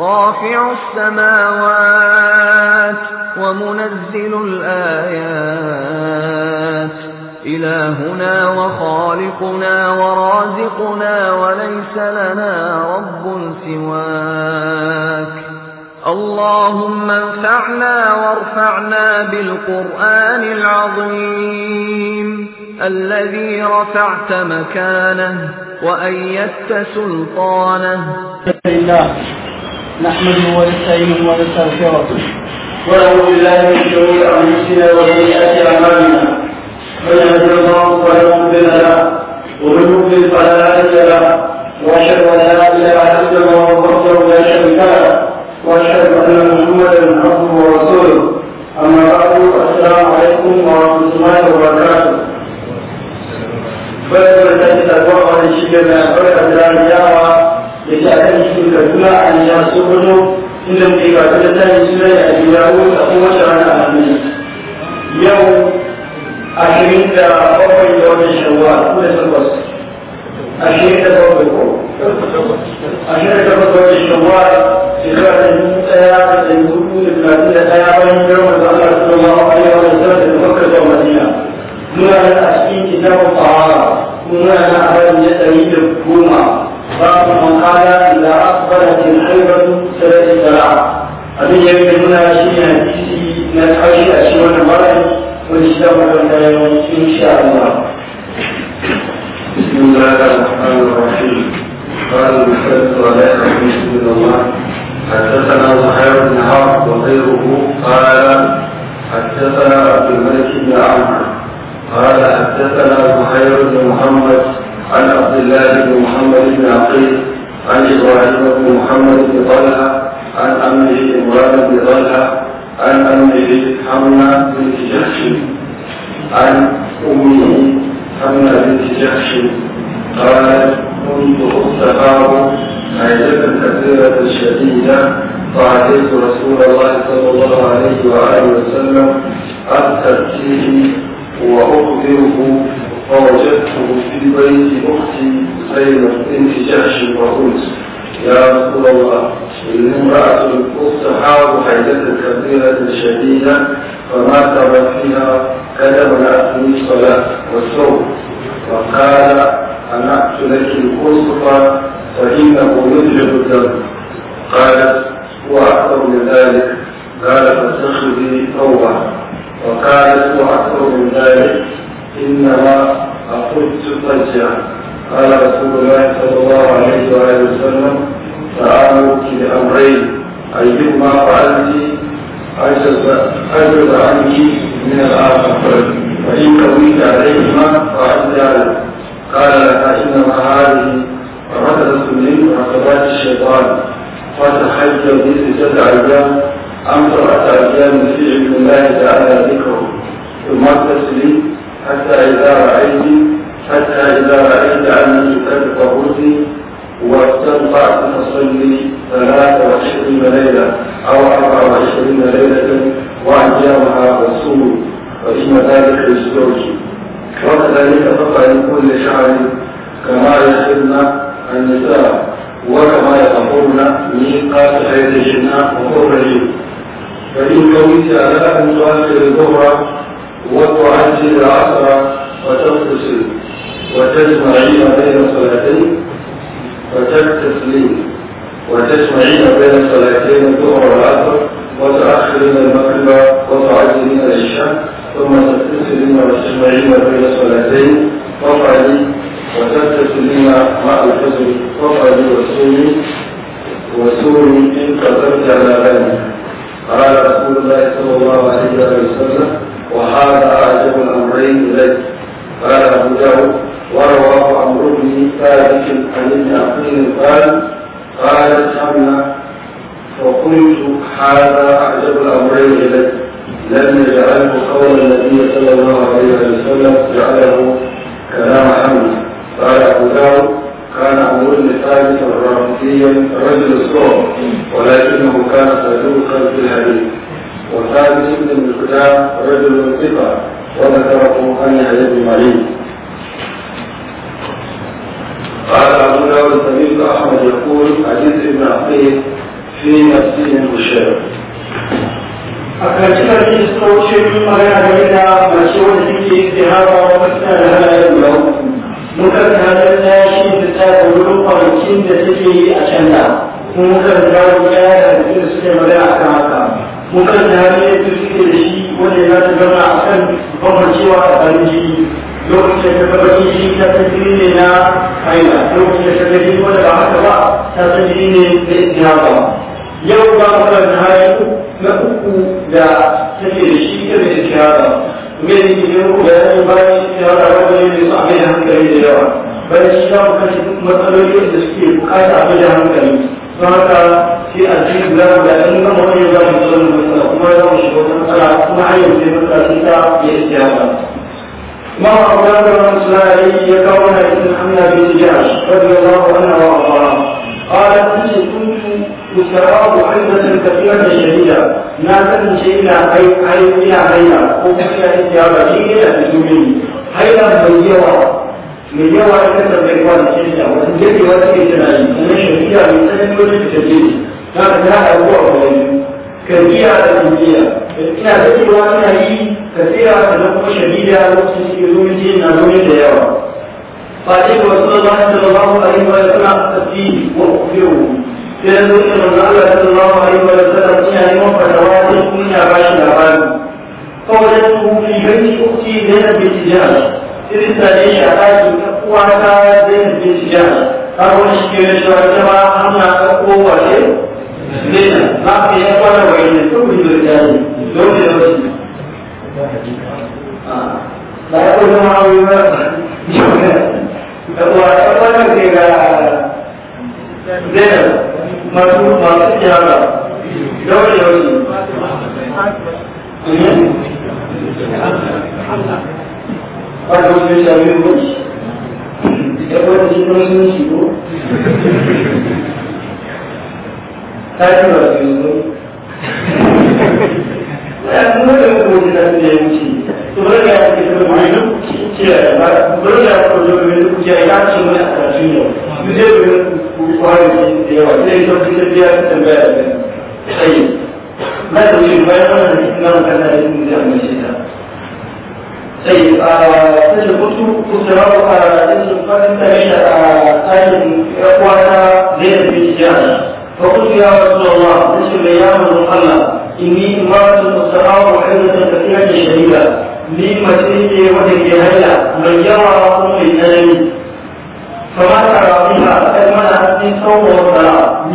رافع السماوات ومنزل الآيات إلهنا وخالقنا ورازقنا وليس لنا رب سواك اللهم انفعنا وارفعنا بالقرآن العظيم الذي رفعت مكانه وأيدت سلطانه نحمده ونستعينه ونستغفره ونعوذ بالله من شرور انفسنا وسيئات اعمالنا من يهده الله فلا مضل له ومن يضلل فلا هادي له واشهد ان لا اله الا الله وحده لا شريك له واشهد ان محمدا عبده ورسوله اما بعد السلام عليكم ورحمه الله وبركاته فلما تجد الله لشيء من الفرق الجامعه yake a kan shi kaduna a ne ya sokoto inda muke kafin da tsarin suna ya ji ya wuce a kuma shara na amini yau ashirin da bakwai da wani shawwal ko da takwas ashirin da bakwai ko shirin da bakwai da wani shawwal shekara قالت وأكثر من ذلك إنما أخذت الضجة قال رسول الله صلى الله عليه وآله وسلم تعالوا لأمرين أيهما فعلت أجز عنك من الآخر فإن قويت عليهما فعلت ذلك قال لها إنما هذه رفضة من رفضات الشيطان فتحجب به ست أيام أمس أتى من الله تعالى ذكره ثم تسلي حتى إذا رأيت حتى إذا رأيت أنني قد قبضني واستنطعت فصلي ثلاث وعشرين ليلة أو أربع وعشرين ليلة وأيامها والصوم فإن ذلك للزوج وكذلك فقد كل شعر كما يسرن النساء وكما يقولن ميقات خيرهن وقرهن كويت على أن تؤخر الظهر وتعجل العصر وتغتسل وتجمعين بين صلاتين فتغتسلين وتجمعين بين صلاتين الظهر والعصر وتأخرين المغرب وتعجلين العشاء ثم تغتسلين وتجمعين بين صلاتين وافعلي وتغتسلين مع الفجر وافعلي وصومي وصومي إن قدرت على ذلك قال رسول الله صلى الله عليه وسلم وهذا أعجب آية الأمرين إليك قال أبو داود ورواه عمرو بن ثابت عن ابن عقيل قال قالت حمنا فقلت هذا أعجب آية الأمرين إليك لم يجعله قول النبي صلى الله عليه وسلم جعله كلام حمنا قال أبو داود كان عمرو ثابت الرافضيا رجل الصوم ولكنه كان صدوقا في الحديث وثابت بن مقدام رجل ثقة وذكره أن يحيى بن معين قال أبو داود الطبيب أحمد يقول حديث ابن عقيل في نفسه الشيخ أكثر من في ومسألة لا muka karanta shi da ta wurin kwanakin da take yi a can da muka kawo yaran da suke magana a kan haka muka tare da suke da shi wanda ya ta gama a kan bambancewa a kan jiki lokacin da kaba shi ta ta jiri ne na haila lokacin da kaba jiki wanda ba haka ba ta ta jiri ne na ba yau ba muka tare na uku da suke da shi ta da istihawa mai cikin ku da yanzu bayan da da da yawa bayan shi da suke bukata a da hankali don haka a ga mutum ya zama mutum matsala kuma ya zama shiga wata matsala kuma hanyar da ta yi siyasa. يستراب عزة كثيرة شديدة لا تنشي إلى حي حي إلى حيلة وكثير استيابة إلى تجوبين حيلة مليوة مليوة كثرة بإخوان الشركة وتنجد وتنجد جنائي أن الشركة من سنة كل كثير كانت لها أبوع قليل كثيرة تنجية إلى تجد وتنجي كثيرة تنقل شديدة وتنجد جنائي نظام ديوة فأجد رسول الله صلى الله عليه وسلم تسليم وأخبره sai da zuwa manzo Allah sallallahu alaihi wa sallam ina neman da sai kun ya ba shi labari kawai da su fi gani uki da na bi tijara irin ta ne ya ba shi kuwa ta da na bi tijara har wani shi ke shi wa jama an na ko wace ne na ya fara wa ne su bi tijara dole ne ba ya ko jama'a wani ba ya ko ya fara ke zainab masu masu yara daure yauci Aka wasu shafi mutu, ya kwanci kuma sun ci Ta yi masu طيب تجد كتب كتب فانت ليس تجد اخوانها غير في الجهاد فقلت يا رسول الله نسل يا رسول الله اني da tafiya yawa ko mai tsanani kamar ta rabu ta kai mana kawai ba ba da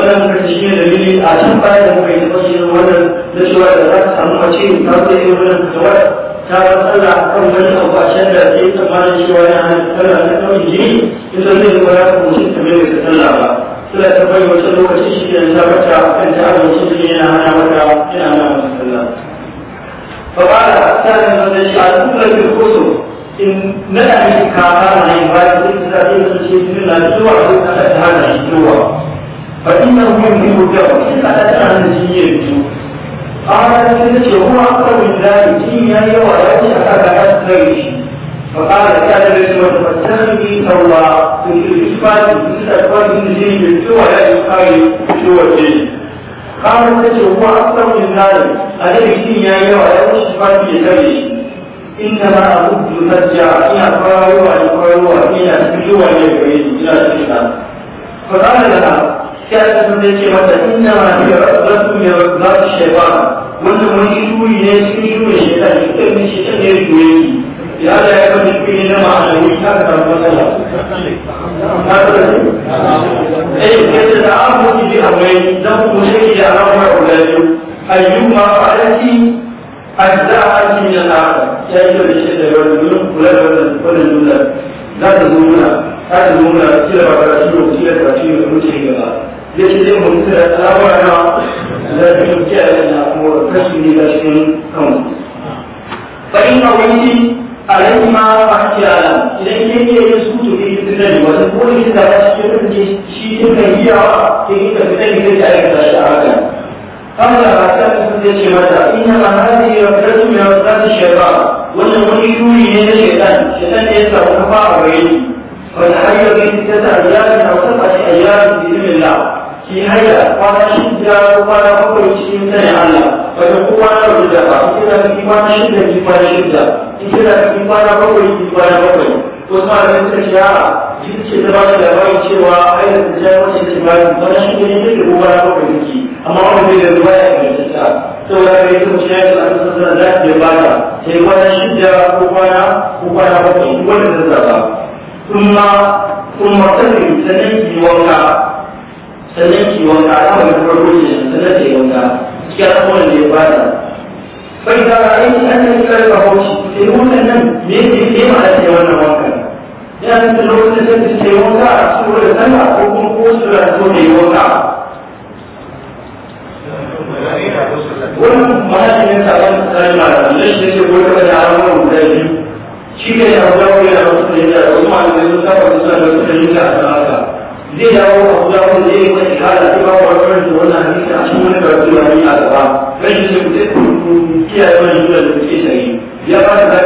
ta yi a can baya da muka yi tsawon wannan da shi ta ga tsalla a kan wani abu a shan da ta yi tsammanin cewa yana hana tsalla na kawai jini ita zai yi wani abu mutum ta mai ta tsalla ba tsalla ta bai wata lokaci shi ne na bata a kan ta abu mutum ne yana hana mata yana hana mata tsalla. Fabala ta yi mata shi a da ta koso in nada yi kama na yi ba ta yi ta yi ta ce tun na zuwa a duk ta hana shi zuwa. Fa'in nan mun yi hujja ba, sai ta ta hana shi yin zuwa. قال سنتي هو أكثر من ذلك إني أي ويأتي أكثر غيري فقال كان الرسول فاتخذي سوى في الإثبات مثل أكبر من زيد ولا يقال سوى زيد قال سنتي هو أكثر من ذلك الذي إني أي ويأتي أكثر غيري إنما أبد ترجع إلى قرار وإلى قرار وإلى سجوع إلى فقال لها sai sun zai ce mata inna ma bi rabbatu ya rabbatu wanda wannan wani shuri ne su yi shaytan shi kan shi ta ne shuri ya da ya kan shi ne na ma'ana ne ta ka samu matsala eh kace da abu ki bi amai dan ku ne ki da rawa ulaju ayyuma alati azza'ati min al-akhir sai da shi da wannan kula da wannan jumla za ta zo muna ta zo muna kila ba ta shi kila ta shi ko mutum ya يلزم الأمر الذي جعل هو كسب بشر كون فإن الرجل عليهما احتيالا إذا كان يسكت في الفتن وتقول إذا أسكت في شيء هي تجد الفتن في ذلك الشعر قال حسن بن شمالة إنما هذه ركلة من ركلات الشيطان والنمر يولي من الشيطان الشيطان يسمع كفار ويلي والحي به تسع أيام أو سبعة أيام بإذن الله shi haila kwana shida ko kwana bakwai cikin sanin Allah wajen ko kwana shida ba in kira ki kwana shida ki kwana shida in kira ki kwana bakwai ki kwana bakwai ko sa da suka ce a duk ce da ba da labarin cewa haila da ta wace ce ba ni kwana shida ne take ko kwana bakwai take amma wannan bai da ruwa ya inganta ta saboda bai kuma shi ya ce an san da ya bada sai kwana shida ko kwana ko kwana bakwai wanda ta zaba kuma kuma sanin sanin ki wanka sannan ki wanka a kan farko ne sannan ki wanka cikin abubuwan da ya bada bai da aiki an yi karfa hauci sai wannan nan me yake ke ma'ana wannan wanka ya san lokacin da ke wanka a cikin da sama ko kuma ko su da so yi wanka wannan ma'ana ne ta wani tsarin ibada ce ba ku karfin da wannan hadisi a cikin wani karfi da ni a gaba rashin sai ku ce ku kiyaye wani jura da kuke shari ya ba da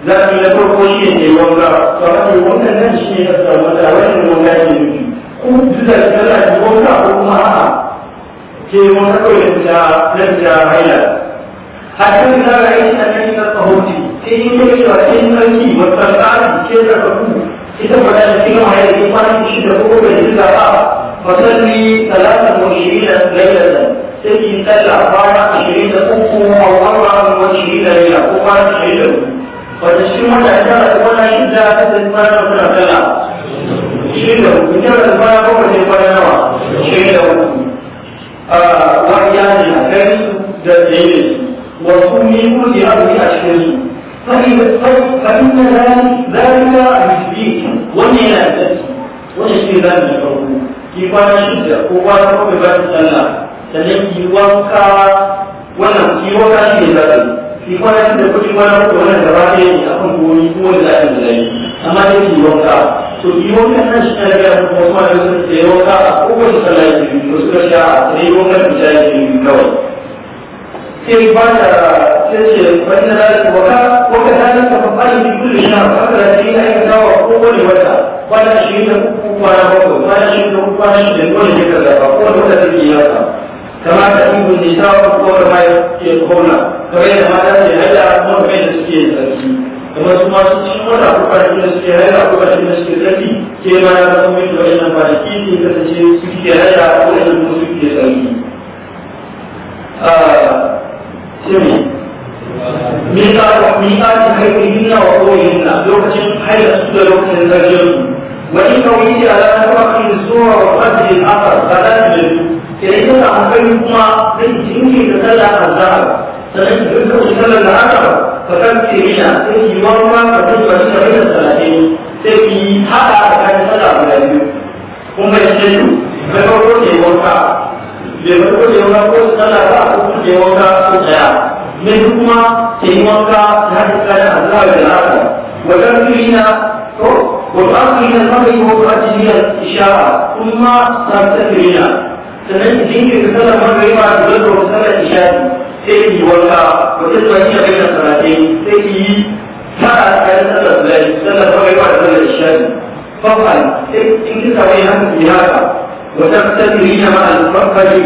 zaɓi guda biyu zaɓi na farko shi ne wanga to a kan wannan nan shi ne ya samu da wannan wanga ne nufi ku duk shi kana ji wanga ko kuma a'a ke wani kawai da na da haila hakan da za a yi shi a kan ita tsahoti sai yi ne cewa in sarki wata tsari ke da kafu ita ba da cikin haila ke kwanan shi da kuma bai ji zaɓa فصلي ثلاثا وعشرين ليلة سكي سل أربعة عشرين أخو أو أربعة وعشرين ليلة أخو عشرين فتشتمون أجارة ولا شدة تتمنى من أجارة عشرين من جرى المال هو الذي قال عشرين وأيانها وصومي كل أرض أشهر فإن ذلك ذلك مثلي ومن أساس والاستدلال ki kwana shida ko kwana kuma ba ta sallah sannan ki wanka wannan ki wanka shi ne za ki kwana shida ko ki kwana bakwai wannan ta yi a kan gori ko da za a yi zai amma dai ki wanka to ki wanka nan shi ne ga ko kuma da zai da wanka a kowace sallah ki yi wasu da sha sai wanka ki sha ki kawai sai ba ta sai ce wani na shi da shi ne wata shi ne kwana bakwai kwana shi da kwana shi da dole ne kaza ko da wata take yi kama ta in kun nisa ko da mai ke kona kamar yadda mata ke haila kuma kamar yadda suke yin sarki kamar su masu cikin wata ko kwanaki da suke haila ko kwanaki da suke sarki ke ma ya zama mai da wajen ke ne kasance su ke ko da kuma suke sarki. Ah, Shemi, miƙa ta miƙa ta na wa ƙoyihinna lokacin haila su da lokacin zargin su وإن وجد على فرق الصورة وقدر الأثر فلا تجد كيف أحببكما من جنك تسلى الزهر سنجد تسلى العثر فكبترين في مرة فتجمعين بين الثلاثين تبي حتى كان سلى بلاد kuma yanzu na farko ne wanka bai farko ne wanka ko sallah ba ko kuma ne wanka ko tsaya na biyu kuma yi wanka ta kayan da wajen ko Qur'ani na kamar yi wa jiniyar ishara kun ma sarsa kirina sannan jin ke kasala marar yi ma da zai kawo kasala ishara yi wanka wata zuwa yi a bayan sarate yi tara a kayan sallar zai sallar marar yi ma da zai kawo ishara fafan sai in ki sabo yi haka yi haka wata a zuwa kare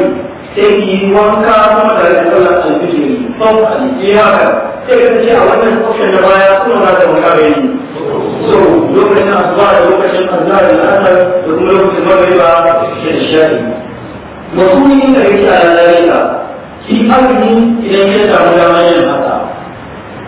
sai yi wanka kuma da rage sallar a cikin fafan yi haka sai ka ce a wannan kusurin da baya kuma na da wani kare lokacin asuwa da lokacin azhar da asar da kuma lokacin magriba da isha'i mutumin da yake a lalata shi azumi idan ya samu damar yin haka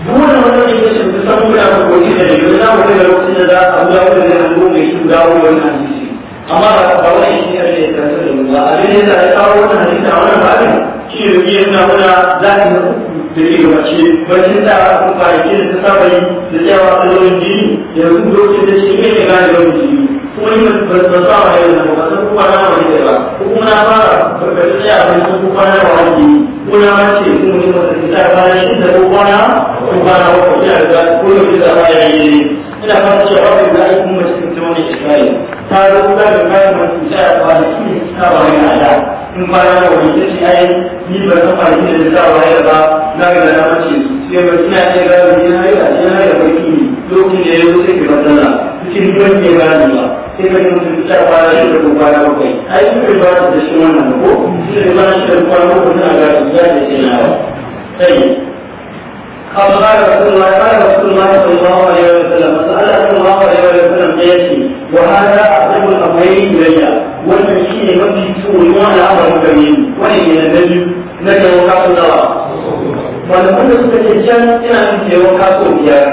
dole wannan da yake da samu da gobe da yau za mu ga lokacin da za a zuwa da hannu mai shi dawo wannan hadisi amma ba wani shi ne da ya tsaya da mu ba abin da ya kawo wannan hadisi a wannan babin shi da biyu suna muna za ka na uku da ke gabace bacin da aka kwanaki da ta saba yi da tsayawa ta lauyin jini yanzu da shi ne ke gane lauyin jini kuma yi ba su sa wa yau ba san kuma na wani da ba kuma na fara barkatun ya ba san kuma na wani jini Kuma na ce kuma ne ba su ta ba shi da ko na ko na ko ya da ko ne da ba ya yi ina fata cewa ba za a yi kuma cikin tawon Isra'il ta zo da bayan mutum ta ba da shi ta ba ya da in ba ya da wani yace ai ni ba san ba ni da za wa ya ba na ga na mace sai ba ina ce ga ni na ya ni na ya ba ki lokacin da yayi sai ki matsala cikin duwan ke ba ni ba sai ka mutum ta fara shi da kwana bakwai ai ki ba da shi wannan ko sai ba shi da kwana bakwai na ga ya da na ba sai قال قال رسول الله قال رسول الله صلى الله عليه وسلم سأل الله عليه وسلم يأتي وهذا أحب da إلي wannan shi ne mafi tsoro wani aka muka yi wani ne na biyu na taiwon kaso dawa wanda wanda suka ce can ina yin taiwon kaso biyar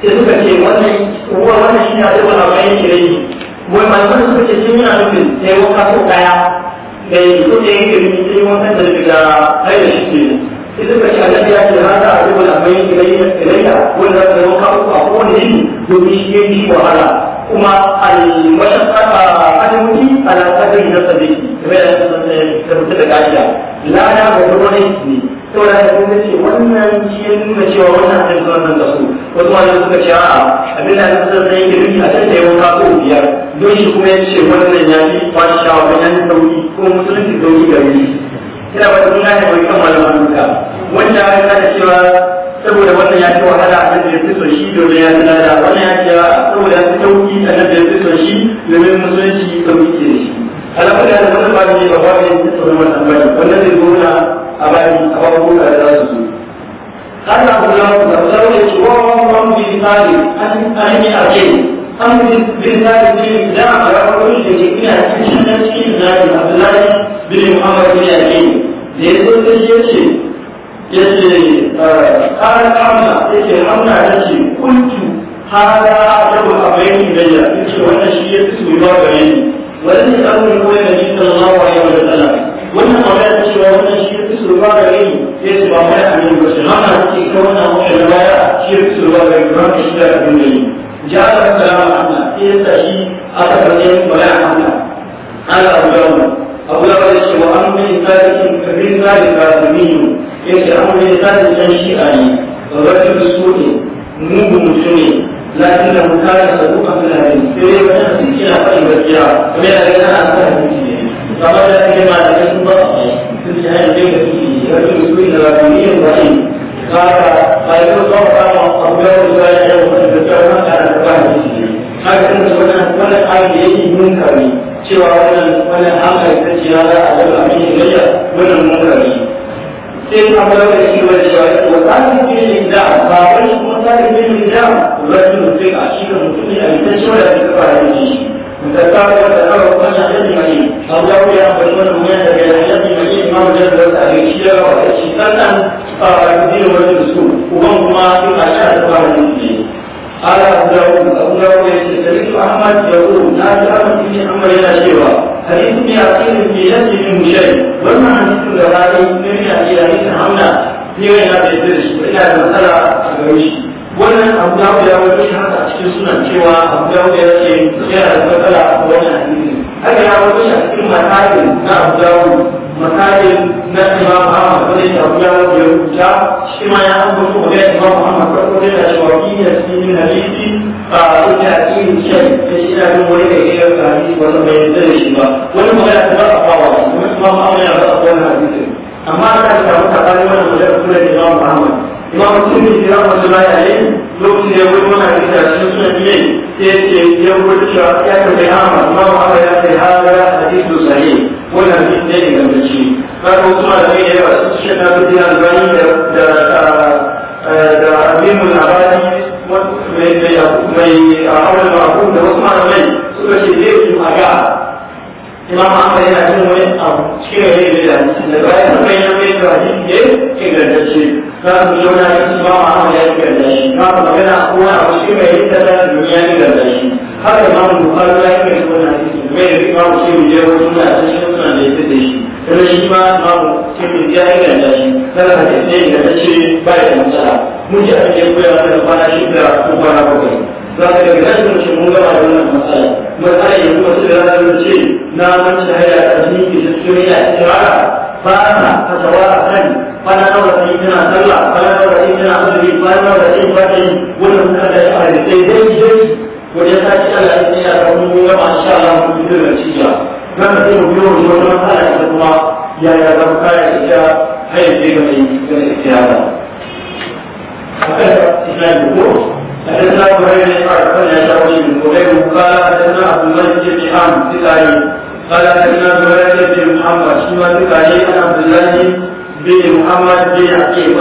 sai suka ce wannan ruwa wannan shi ne a taiwon arba'in ke rage wai malaman suka ce shi yana nufin taiwon kaso ɗaya da yi ko da yake rage taiwon da daga haifar shi ke sai suka ce annabi ya ce haka a taiwon arba'in ke rage wanda za ta taiwon kaso a kowane yini domin shi ya yi wahala kuma al-mashaqqata adamuki ala qadri nasabi kamar da tabbata da ka'ida la ya ga wani ne saboda da kuma ce wannan shi ya nuna cewa wannan hadin zuwa nan da su wasu ma suka ce a'a abin da ya sai ya rubi a cikin yawan kaso biyar don shi kuma ya ce wannan ya fi kwashi shawa wajen sauki kuma musulunci sauki gare shi ba da suna ne wani kan malaman duka wanda ya nuna cewa saboda wannan ya ce wahala a ya fi son shi domin ya da wannan ya ce saboda ya fi sauki annabi ya fi son shi domin musulunci sauki ke shi alaƙar da wani ba ne ba ba ne ya tsoro wannan ba ne wannan zai gona a bayan a bayan gona da za su zo kana kula da saboda da wa wa wani mu bi tsari an yi a kai an bin tsari ne da a wani da ke ina cikin cikin zari abdullahi bin muhammad bin yakin da ya zo sai ya ce yace eh, kan amna yace amna yace kuntu hada abu da bayya yace wannan shi ya tsu ba gare ni wannan amrin ko yana ji sallallahu alaihi wa sallam wannan magana ce wannan shi ya tsu ba gare ni yace ba mai amin ba shi mana ce ka wannan mutum da baya shi ya tsu ba gare ni ba shi da abin da ni jara salama amna yace shi aka karɓe magana amna Allah ya rabu Abu Dawud ya ce wa amma in zalikin kabin zalika zamiyu yake an yi tsarin can shi'a ne da su ne mugun mutum ne lakin da mutane da su a suna ne sai dai wani su kira faɗin gaskiya kuma yana ganin ana sa hukunci ne kamar da ake ma da kasu ba a yi sun ci hanyar da ka tuki rajin su ne da ba ne yin wani kaka a yi kan zuwa ba a kuma yawon zuwa ya yawon wani da kyau na kara da ba a ne haka kan da wannan wannan abin da yake mun kare cewa wannan wannan hankali ta ciya za a zama a cikin gaya wannan mun kare kawai da shi wani shawai wa kafin fiye da inda ba wani kuma kafin fiye da inda ba shi mutum a shi ka mutum ne a yi ta shawai da ta fara yin shi mutata ta yadda ta kawai kuma shafi da mai a wuya wuya a bari wani mai da gaya ya fi mai ma mu jan zarta a yi shi da wa a shi sannan a yi wani su kuma kuma a shi a ta fara yin shi قال أبو داود أبو داود سمعت أحمد يقول ناس أحمد بن عمر إلى شيوة حديث ابن عقيل في نفسه منه شيء وما حديث غزالي من يأتي إلى حديث عمنا في غير هذا الدرس وإلى المسألة أبويش wannan abu da ya wani shi haka a cikin sunan cewa abu da ya ce yana da matsala a wannan hadisi haka ya wani shi a cikin matajin na abu da matajin na imam ahmad wanda shi abu da ya rubuta shi ma ya an gudu wa gani imam ahmad farko da shi wa kiyar yi na ba a rubuta a cikin shai da shi na bin wani da iya hadisi wanda bai yarda da shi ba wani magana ta ba a kawo wani imam ya ba a wannan hadisi amma ana samu tsakanin wannan wajen kuma da imam ahmad imam sunni shi rahmatullahi alaihi lokacin da ya gudu wannan hadisi a cikin sunan biyai sai ce ya gudu cewa ya tafi hama imam ahmad ya ce hada hadisu sahih wannan hadisi ne ingantacce ba ko kuma da ne yawa su shi na bidiya albani da da abinul abadi mai awal ma'akum da wasu malamai suka ce zai yi maga imam ahmad yana jin wani abu cikin rai da hadisi da bayan bayan bayan da hadisi ne ingantacce za su zauna su ba ma hau ya yi ganda shi ba ku magana kowa a wasu mai yin da duniya ne ganda shi haka ma mu bukari ya yi kai wannan hadisi mai da ba mu ce mu wasu na ta shi suna da yadda da shi kuma shi ma ma mu ce ya yi ganda kada ka ce ne da ta ce ba ya matsala mun ji ake koya mana kwana shida ko kwana bakwai za ka ga rashin shi mun gaba da wannan matsala matsala yanzu wasu da za su ce na manta haya ta ni ke fara fatawa a kan fana daura kai tana sallah fana daura kai tana azumi fana daura kai ba ta yi wannan kuka da ya fara sai dai dai ko da ta ci Allah ya tsaya da mu ma insha Allah mu fitar da ci ya nan sai mu biyo mu wannan matsala ita kuma ya ya ga kaya ita hayar da ga mai ga istiyada akan yi ko حدثنا ابو هريره قال حدثنا شعبي وغيره قال حدثنا عبد الملك بن عامر السلالي قال حدثنا زهير بن محمد شيما تقالي عن عبد الله بن محمد بن عقيل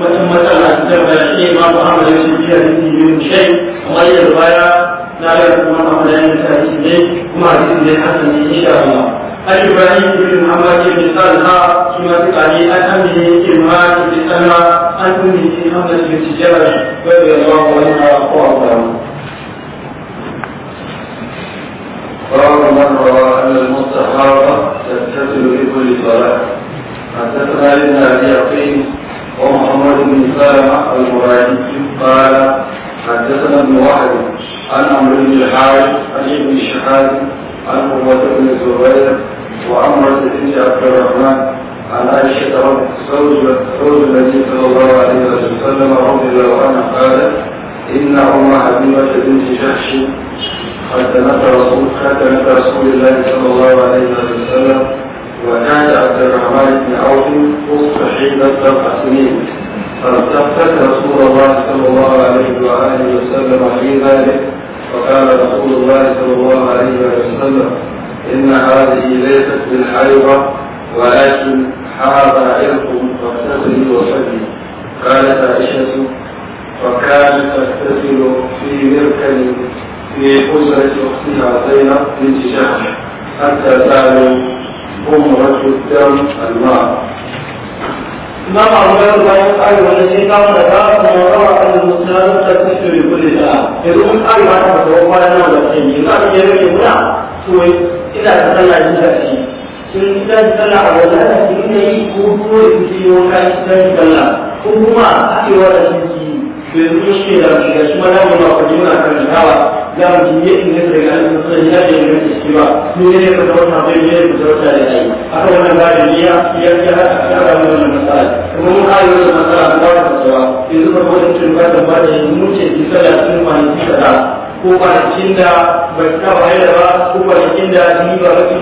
مثلا تقبل شيء ما محمد بن سيدي من شيء غير الغايه لا يكون محمد بن سيدي وما سيدي حسن ان شاء الله عن ابراهيم بن محمد بن طلحه شيما تقالي عن امه امراه بن سلمى عن امه محمد بن سجاري رضي الله عنها وارضاها باب من روى أن المستحاضة تتصل بكل صلاة حدثنا ابن أبي عقيل ومحمد بن سلمة المرادي قال حدثنا ابن واحد عن عمرو بن الحارث عن ابن شهاب عن قوة بن الزبير وعمر بن عبد الرحمن عن عائشة رب زوج النبي صلى الله عليه وسلم رضي الله عنه قال إن أم حبيبة بنت جحش خاتمة رسول خاتمة رسول الله صلى الله عليه وسلم وكان عبد الرحمن بن عوف وصف حين سبع سنين فاستفتت رسول الله صلى الله عليه وآله وسلم في ذلك فقال رسول الله صلى الله عليه وسلم إن هذه ليست بالحيضة ولكن هذا عرق فاغتسلي وصلي قالت عائشة فكانت تغتسل في مركب في أسرة أختنا زينب بنت جحش حتى سالوا أم رجل الدم الماء ما أعمل ما يفعل والذي قام ذاك وقرأ المسلم تكفي لكل شاء يقول أيها الأخوة ما ينام الحين ما يجري هنا سوي إذا تصلى جزاكي sun dan sallah a wajen da yi ko ko in ciyo kai dan sallah ko kuma a cewa da shi to yanzu shi da shi shi mana wani abu jima a kan shawa za mu ji yin ne da ga an san ya ce ne shi ba ni ne ka da wata bai ne da wata da yi aka wannan da niyya ya ya hada ka da wannan masala kuma mun hayo da masala ba ta cewa yanzu ba wani tun ba da ba da ya ce ya sala sun ma ni sala ko kwanakin da bai ta da ba ko kwanakin da ni ba ba ko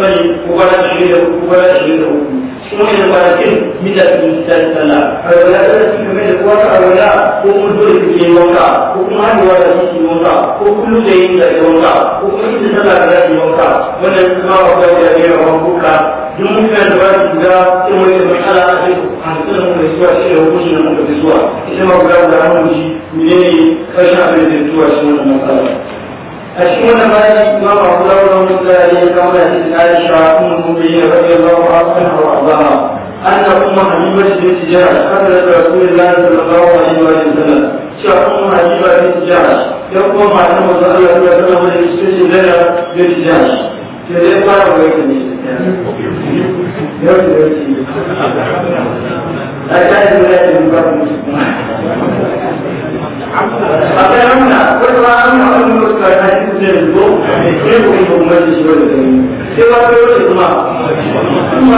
kwana 23 ko kwana cikin wani kwanakin mina su ta tsala alwala ta da cikin mai da kuwa ta alwala ko kuma dole su ke wanka ko kuma hannuwa da su ke wanka ko kullum da yin da ke wanka ko kuma inda sallah da ke wanka wannan kuma ba kwa da ya wa kuka duk mutane da ba su guda sai wani da matsala a cikin hankalin mu da zuwa shi da hukunci da muka fi zuwa ita ma guda guda hannu shi ne ne kashin abin da zuwa shi wannan matsala. أشكون ما الإمام أبو داود من ذلك كما حديث عائشة أم المؤمنين رضي الله عنها وأرضاها أن أم حبيبة بنت جاش قتلت رسول الله صلى الله عليه وسلم شاء أم حبيبة بنت جاش يقوم مع أنه صلى الله عليه وسلم من يستجي لنا بنت جاش كذلك ما رأيتني لا تعلم لا تعلم akwai amna wani ma amna wani mutuwa ta yi kusa ne ko yi da kuma ce ko yi kuma da kuma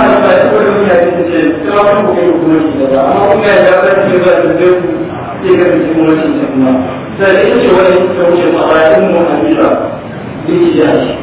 ta ce ce ma shi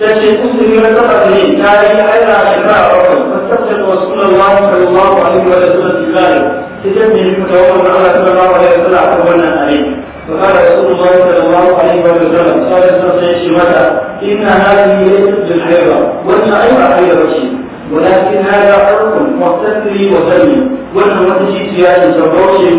تشهد مسلم سبقني تاريخ أين أشباع رجل فاستبشر رسول الله صلى الله عليه وسلم بذلك تجمع المتوفى على صلى الله عليه وسلم أخبرنا عليه فقال رسول الله صلى الله عليه وسلم قال استطيع متى إن هذه ليست بالحيرة وإن أيضا حيرة ولكن هذا حرق واغتسلي وسلي وإن وتشي سياسي صبروشي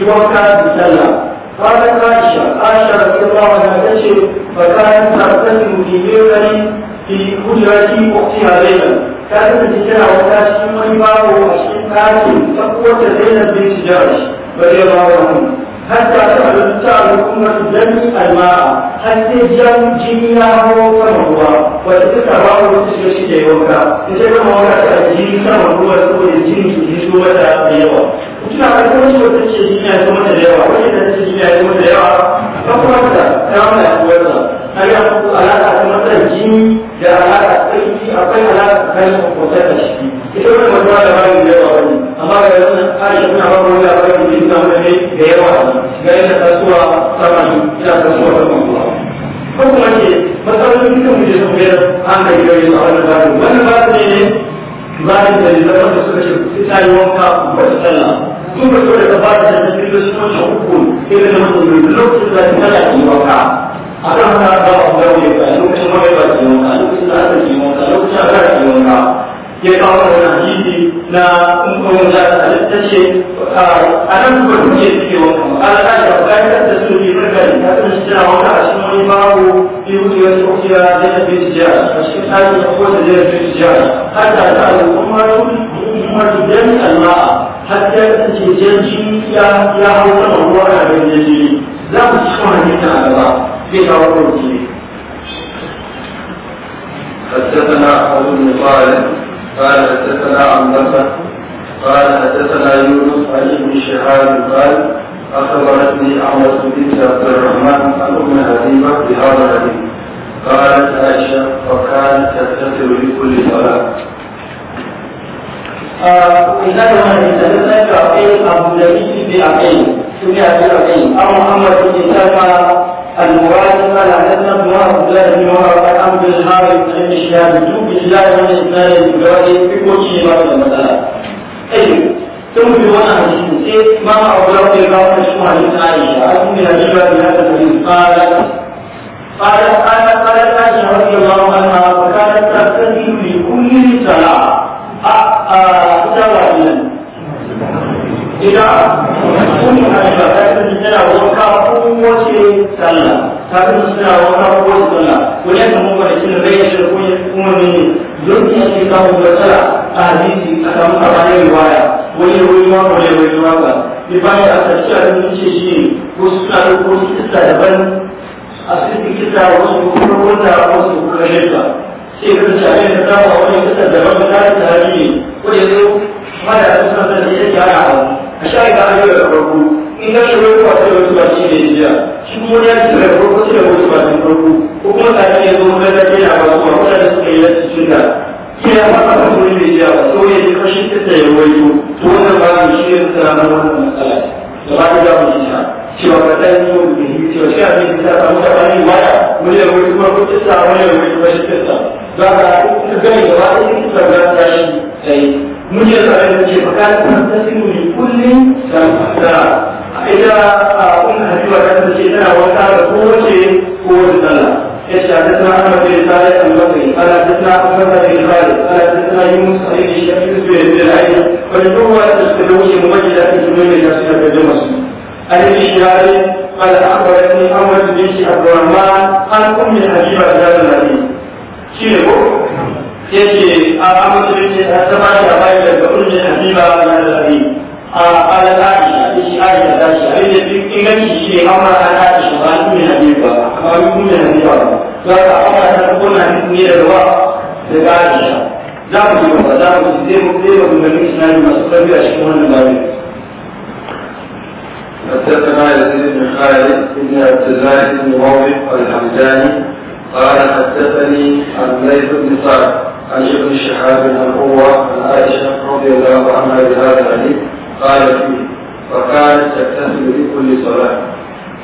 يوكا بسلة wata kashi a shara ta bawa da ta ce bakayan tarsan yuri ne gani fi gujira shi kwafi a zainan ta zama cikin a wata cikin mai babu a cikin kashi ta kowace zainan bin shi jawar shi ba zai ba wa mun har ta ta halin ta al'ummar zami alma'a har ta jan jini na hawa sama ruwa wata ta ta babu wata shiga shi da yawanka ta ce kama wata ta jini sama ruwa saboda su ji su wata da yawa suna da kuma shi wata ce shi ya zama da yawa wani da ce shi ya zama da yawa ba kuma ta ta wani kuwar da na ga ku alaƙa ta matsayin jini da alaƙa ta yi akwai alaƙa ta yi kwakwata da shi ita wani mutuwa da bayan da yawa wani amma ga yanzu nan ƙari suna ba wani labarin da ita wani da yawa ga yadda kasuwa sama ina kasuwa ta kuma ko kuma ce matsalolin da mu je sun bayar an kai gari a wani bayan wani bayan ne ne bayan da ne zama da suka ce ta yi wanka ba ta sallah in ba so da ta bada da tafi da suna shan uku sai da zama da lokacin da ta tana yi wanka a kan hana ba a ga wani ba lokacin wani ba ke wanka lokacin da aka yi wanka lokacin da aka yi wanka ya kawo wani hadisi na umar da ta ce a nan kuma duk ya suke wanka ala ta da bukatar da su ne barka da ta tsanci tana wanka a cikin wani babu biyu ne wani ukiya da ta fi jiya a cikin tsarin da kowace da ya fi jiya har da ta al'ummar mutum jami'an ma'a hatta ya kasance janji ya ya hau sama ruwa a gaban janji ne za mu ci kuma hanyar a gaba zai kawo ɗauki ne. حدثنا أبو بن خالد قال حدثنا عن بكر قال حدثنا يونس عن ابن شهاب قال أخبرتني عمرة بنت عبد الرحمن عن أم حبيبة بهذا الحديث قالت عائشة وكانت تغتسل لكل صلاة ina da mai jami'in na kafe abu da yi bi a kai su ne a bi a kai an muhammad su ke sarfa al-murad ma la hadna ma la hadna ma la am bil hawa tin shiya bi tu bi la hadna isna la gadi bi ko chi ma la mata ay tum bi wa an shi e ma abla bi ka ta shu ma ni ta ya an bi la shiya bi la ta bi qala qala qala qala ta shi rabbi allah ma ka ta ta ti bi kulli salat Aa kusa wa nan idan kun yi haifa ta kan suna wanka kowace sallah ta kan suna wanka kowace sallah wani yadda mun gwada shi ne bai da shirku ya kuma mini yankin ake kawo matsala a hadisi a samu a bayan riwaya wani ruwa ma wani ruwa ma bi bayan a tashi a cikin ce shi wasu suna da wasu kisa daban a cikin kisa wasu kuma wanda wasu kuma shirka sai ka da tsawa wani kasar da rabu ta ta hali ko ya zo mara da kusan da ya ci ana hau a sha ga da farko in shi wasu ne jiya shi kuma ya ci da farko da wasu farko ko kuma zo mun na ba da suka yi da suna da jiya ba so ta to wannan ba shi tsara na matsala da ba ta mu cewa ka san yi wani da yi cewa shi a cikin ta samu da wani waya wani da wani kuma kuce sa wani da wani kuma shi ta za ka ka gani da ba ɗin kuka ga ta shi sai mun yi sa da ce baka ta ta sinu ne kullum da da ita a kun hadiwa ta ta ce tana wata da kowace kowace sallah ya ce ta tana ana bai ta yi almasai ana ta tana an masa da ilmari ana ta tana yi musu a da shi a cikin su ya yi wani duk wani da suka dauke mu majalisar jimin da su da masu عن ابن شهاب قال اخبرتني احمد بن عبد الرحمن عن ام حبيبه بلاد النبي شنو يجي احمد بن سمعت ابي بكر ام حبيبه بلاد النبي قال عائشه يجي عائشه عائشه يجي ان كان شيء امر عن عائشه عن ام حبيبه عن ام حبيبه ذاك امر ان تكون عن ام الواء لعائشه za mu yi ba za mu yi zai mu zai mu gani sinadari masu ƙarfi a cikin wannan bayan حدثنا يزيد بن خالد بن عبد الله بن موفق الحمداني قال حدثني عن ليث بن سعد عن ابن شهاب بن عروه عن عائشه رضي الله عنها بهذا الحديث قال فيه وكانت تكتسب كل صلاه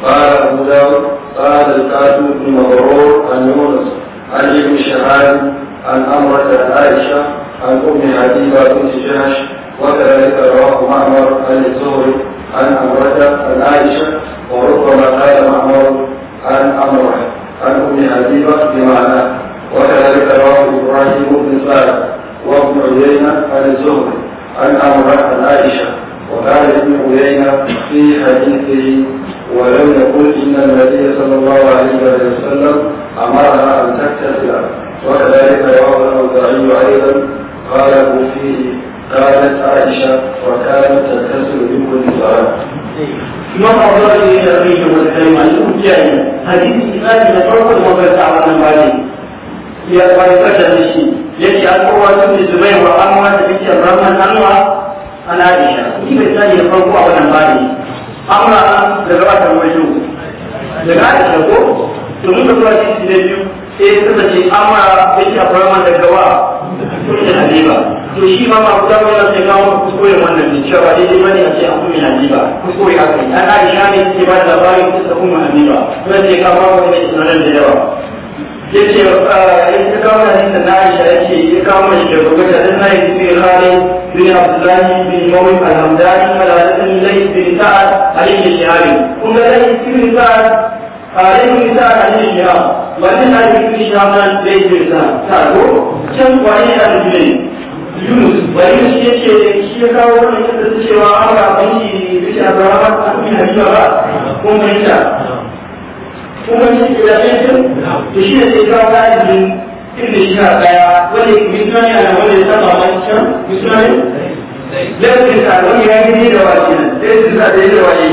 قال ابو داود قال الكاتب بن مبرور عن يونس عن ابن شهاب عن امره عائشه عن ام حبيبه بنت جهش وكذلك رواه معمر عن الزهري عن عمرة عن عائشة وربما قال معمر عن امره عن أم حبيبة بمعناه وكذلك رواه إبراهيم بن سعد وابن عيينة عن الزهري عن امره عن عائشة وقال ابن عيينة في حديثه ولم يقل إن النبي صلى الله عليه وسلم أمرها أن تكتسب وكذلك رواه الأوزاعي أيضا قاله فيه قالت عائشة وكانت تكسر من الصلاة ما أفضل إلى الرجل والكلمة الأمجاني هذه الإسلام لفرق المبارك على المبارك يا طائفة الشيء يجي القوة بن زبير وعمرة بنت الرحمن أنوى عن عائشة دي مثال يفرق على المبارك أمرا لغاية الوجوه لغاية الوجوه ثم تقول في السنة اليوم إيه تبتي أمرا بنت الرحمن لغاية الوجوه to shi ma ba guda ba sai kawo ka kuskure wannan ne cewa daidai ba ne a ce abu mai habiba kuskure a kai an aisha ne ke ba da labarin kusa kuma ba to sai ka ba wani sanar da yawa ke ce ah, in ka kawo da hadisin na aisha ya ya kawo mai da rubuta da na yi bin hali bin abdullahi bin mawai alhamdani malalatun lai bin sa'ad alaihi shihari kun ga lai ah, bin sa'ad alaihi sa'ad wannan na yi bin nan bin sa'ad ko can Yunus bari shi ya shi ya kawo wannan yadda su cewa an ga banki bisa ga a yi hajjiya ba kun fahimta kun fahimta da yankin to shi ne sai kawo ra'ayin inda shi na daya wani misalin ana wanda ya saba wani can misalin laifin sa wani ya gani da wani nan laifin sa da ya wani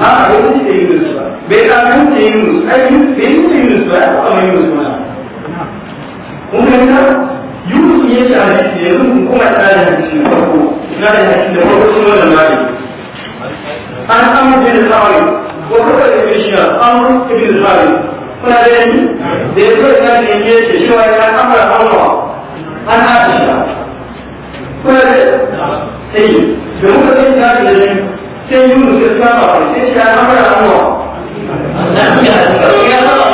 a a ga wani da Yunus ba bai ka mutu Yunus ai bai mutu Yunus ba ya kuma Yunus ba kun fahimta yusuf ya ce a ya zuku kuma tsarin hadisi na farko tsarin hadisi na farko sun wani mali an samu bin tsari ko kuka da bishiya amur ibn tsari kuna da yanki da ya zo ina da ya ce shi wa ya amara amara an aisha kuna da sai da muka sai ta da yanki sai yusuf ya saba sai shi ya amara amara ya saba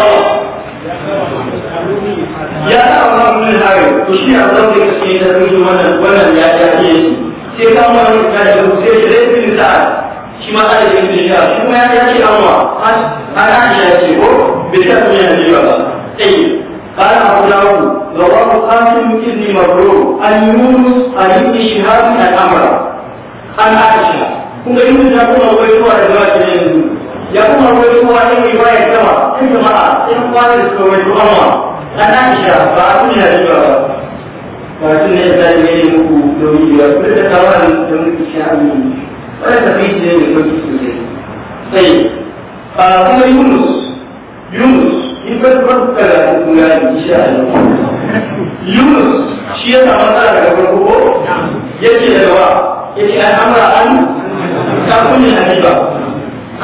ya saba to shi a zan da kasance da rubutu wannan wannan ya ya ce shi sai ka mu an ka da sai shi da bin sa shi ma da bin sa shi ma ya ce amma an an ya ce ko bai ta mun ya ji ba sai قال أبو داود رواه قاسم بن مبرور عن يونس عن ابن شهاب عن أمر عن عائشة كنت يونس يقول الله يقول الله ya kuma wani kowa ne mai bayan sama in jama'a in kwanar da suka wani amma an aisha ba a duniya da ba masu ne za su yi muku domin biyar kuma da tawarin da muke sha amini wani tafi ne mai kwanci sosai sai a kuma yunus yunus in ka zubar kuka da kuma ya yi sha yunus shi ya samu tsara daga farko ya ce da wa ya ce an amara an ta kunye hanifa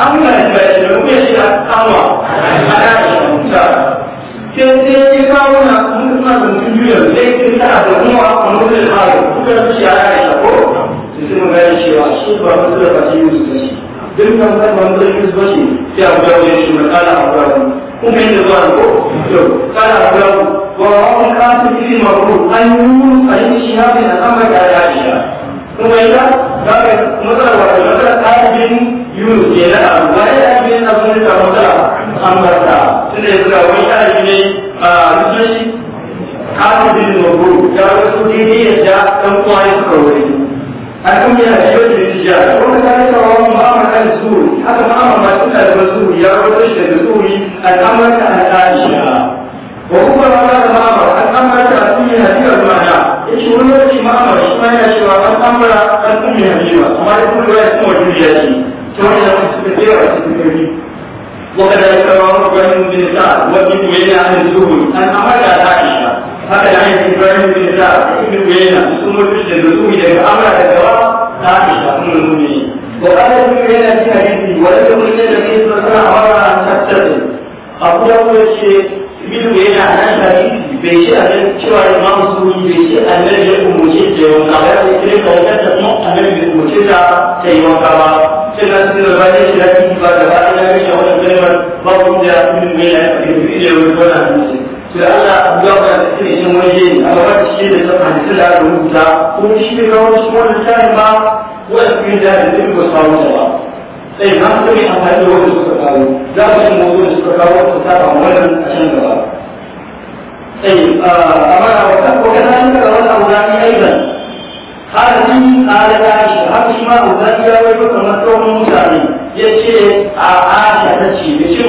an kuma hanifa ya da kuma ya ce da kama a yaki ta sai sai ya kawo na mutum na miliyan sai in tana a kuma wani mutum da kuka su shi ana su sun cewa ba da fashe ba shi duk kan kan ba shi sai shi mai kala kuma zuwa ko yau kala kasu fili an yi shi na ya kuma za ka ke na ba ya na matsala an tunda ya wani a musulunci kasu bin mabu ya wasu dini ya ja dan kwaye suka wuri an kuma yana shi wajen yi ja wanda ta yi kawo ma'amar kan suri haka ma'amar masu ɗaliban suri ya wasu shi daga suri al'amar ta al'adisha wa kuma rana da ma'amar al'amar ta suri na biyar mana ya ce wani lokaci ma'amar shi ma yana cewa al'amar a suri na biyar amma da kuma ya kuma wajen ya ce ta wani yana suka jera cikin gari وكذلك رواه ابن wani سعد وابن عن الزهري عن ibn Uyayna mutu da nuzumi daga amra da gawa ta Abu ce a nan hadisi bai ce a nan cewa bai ce da wanka ba ta ta ta yi wanka ba sai na ba ne shi da ba da ba da wannan da da da Allah abu ya ba da cikin yin waje a shi da ta fahimci da aka rubuta kuma shi ne shi ba cikin da da ɗin ba samu ba sai na amfani da suka kawo za mu yi da suka kawo wannan a can gaba sai ah, a wata ko kana yin da abu na ni har sun kare da shi har shi ma guda gida wai ba kamar tsohon mutane ya ce a aisha ta ce da ce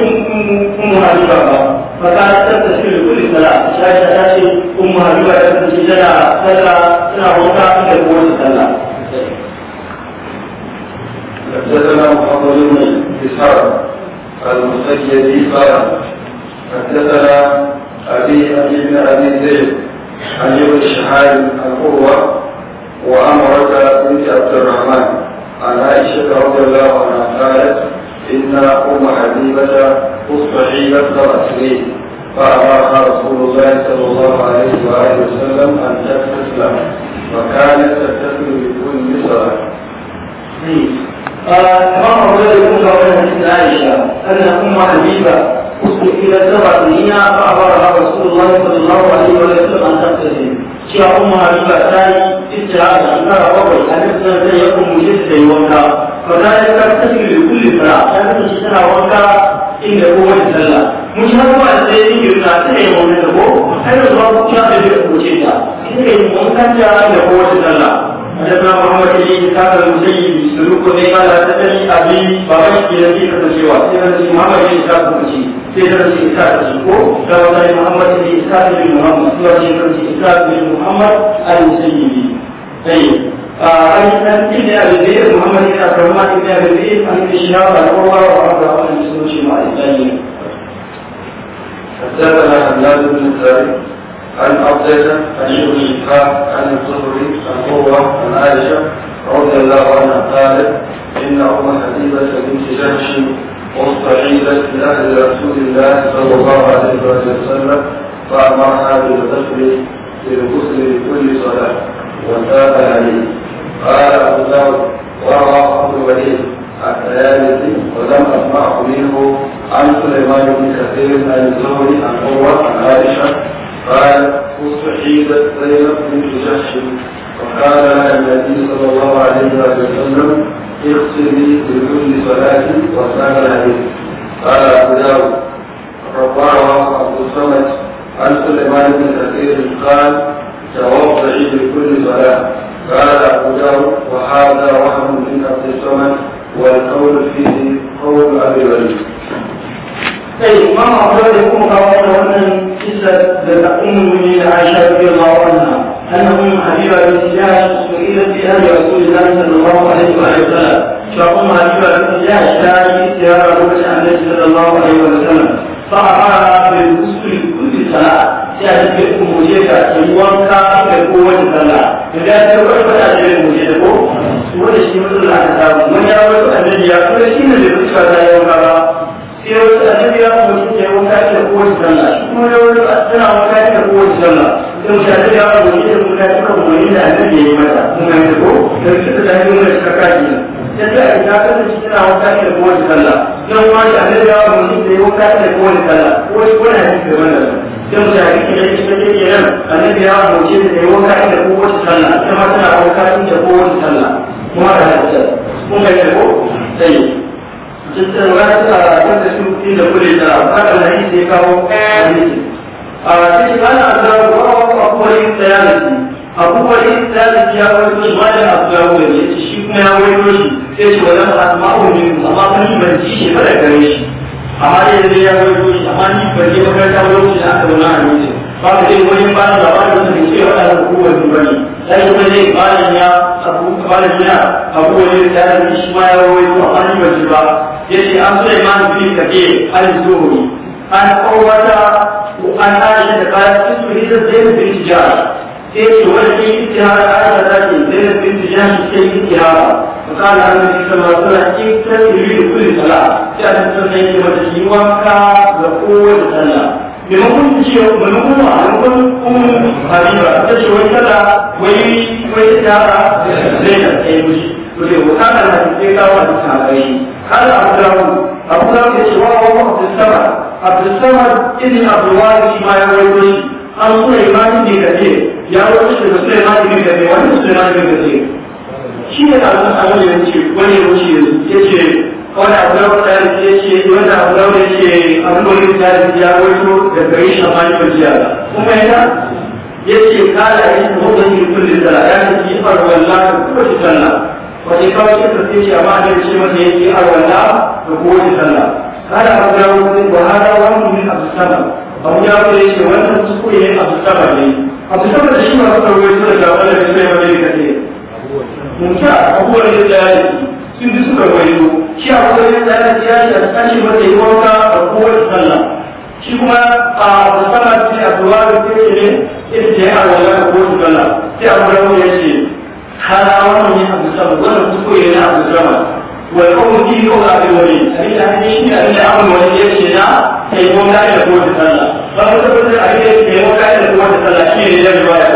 kun mahari ba ba ba ta ta ta ce da kuli tsara ta ce ta ce kun mahari ba ta ce tana tsara tana wata da kuma ta tsara. حدثنا محمد بن إسحاق المسجد قال حدثنا أبي أبي بن أبي زيد عن يوم الشحاب القوة وأمرت بنت عبد الرحمن عن عائشة رضي الله عنها قالت إن أم حبيبة أصبحي أكثر لي فأمرها رسول الله صلى الله عليه وآله وسلم أن له وكانت تستسلم بكل صلاة. الإمام أبو ذر يقول في حديث عائشة أن أم حبيبة أصبح إلى سبع سنين فأمرها رسول الله صلى الله عليه وسلم أن تستسلم. شيخ أم حبيبة ثاني استشعار أن ربه أنفسنا سيكون مجلسا يوكا فذلك تسمي لكل صلاة أنفس سنة وكا إن هو الزلة مش هو الذي يمنع سنة ومنه أن الله شاهد بأبوشيتا إن الممكن أن هو الزلة حدثنا محمد بن إسحاق المسيب سلوك قال حدثني أبي بابي إلى كيف تسيوا سيدنا محمد بن إسحاق المسيب سيدنا إسحاق المسيب قال محمد بن إسحاق بن محمد سيدنا إسحاق بن محمد المسيب طيب عن آه، ابن ابي بكر محمد بن عبد الرحمن بن ابي بكر عن ابن شهاب رحمه الله عن مسلم شمال الاسلاميه. حدثنا حماد بن ثابت عن عبدة عن ابن شهاب عن الزهري عن عروة عن عائشة رضي الله عنها قالت إن أم حبيبة بنت جحش واستعيذت اهل رسول الله صلى الله عليه وسلم فأمرها بالغسل بالغسل لكل صلاة. وساق الحديث قال ابو داود وروى ابو الوليد الثالثي ولم اسمعه منه عن سليمان بن كثير عن الزهري عن عروه عن قال استحيدت زينب بنت جحش وقال النبي صلى الله عليه وسلم اغسلي بكل صلاه وساق الحديث قال ابو داود رواه ابو الصمد عن سليمان بن كثير قال جواب بكل صلاة قال أبو داود وهذا وهم من أرض الصمد والقول فيه قول أبي وليد طيب ما مقصود يكون قواعد ومن قصة لتقوم من عائشة رضي الله عنها أن أم حبيبة بن سياش سئلت بأهل رسول الله صلى الله عليه وسلم فأم حبيبة بن سياش كانت سيارة رسول النبي صلى الله عليه وسلم فأمرها بالغسل كل صلاة sai a ce ku ka ki wanka da ko wani sallah to da ta wani fada da mu je da ko to wanda shi mun Allah ta samu wani ya wani annabi ya ko shi ne da ta yi wanka ba sai wani annabi ya mu je ya wanka ko wani sallah kuma ya wani tana wanka da ko wani sallah to shi da ya mu je mu ka ta mu yi da annabi ya yi mata mun ga ko to shi da ya mu ka ka ki sai da ita ta ce tana wanka da ko wani sallah dan wani annabi ya mu je ya wanka da wani sallah ko wani don da yake da shi take kiran annabi ya hoce da yawan ka da kowace sallah kuma tana wanka da kowace sallah kuma da hajjar kun ga ko sai jikin rasu a wanda da fi da kule da kakan hadisi ya kawo a cikin ana azara wa akwai yin tsayanisi abubuwan yin tsayanisi ya wani shi ma da abuwa wani ya ce shi kuma ya wani shi sai shi wani asma'u ne amma sun ban ci shi ba da gare shi amma da yanzu ya zo shi amma ni ban je makaranta ba lokacin da aka zauna a lokacin ba ka wani ba da labarin da ke wa ɗan hukumar duba ne sai kuma zai malin ya abu malin ya abu wani da ya zama shi ma ya rawaito amma ni ba je ba ya ce an so iman bin kake al-zuhri an kowata an aisha da kayan cikin su hidda zai mu bin tijara sai ce wani ke yi tijara a aisha da ke zai mu bin tijara shi ke yi tijara وقال عن النبي صلى الله عليه وسلم اكتب لكل صلاة كان تسمي وتشي وكا وقوة صلاة maimakon ce maimakon wa maimakon kuma habiba ta ce wai kada wai wai ta tara zai da tsaye mushi to dai ko kana na tsaye ka wa ta bai kada abu da mu abu da ke cewa wa wa abu sama abu sama idin abu wa shi ma ya wai shi an shi ne da abin samun ya ce wani wuce ya ce wani abu na kuɗa ya ce wani abu na ya ce abubuwan da ya wato da gari shamani ba jiya kuma yana ya ce kala ya ce hukun yi kullum da ya ce yi arwallah da kowace sallah wani kawai ya ka shi amma da ce masa ya ce arwallah da kowace sallah kala abu na wuce ba hada wani min abu sama abu ya ce wannan kuskure abu sama ne abu sama da shi masu tsaro ya tura da wani da ya ce mumta abubuwan da ya yi sun ji suka gwayo shi abubuwan da ya yi ya shi a ce mata yi wanka da kowace sallah shi kuma a musamman ce a tuwa da ke ne ita ce a wala da kowace sallah sai abubuwan ya ce kana wannan ne a musamman wannan kuskure ne a musamman wai kawai ki yi wa abin wani abin da hanyar shi abin da abin wani ya ce na taimakon kayan da kowace sallah ba ku tabbatar abin da taimakon kayan da kowace sallah shi ne na riwaya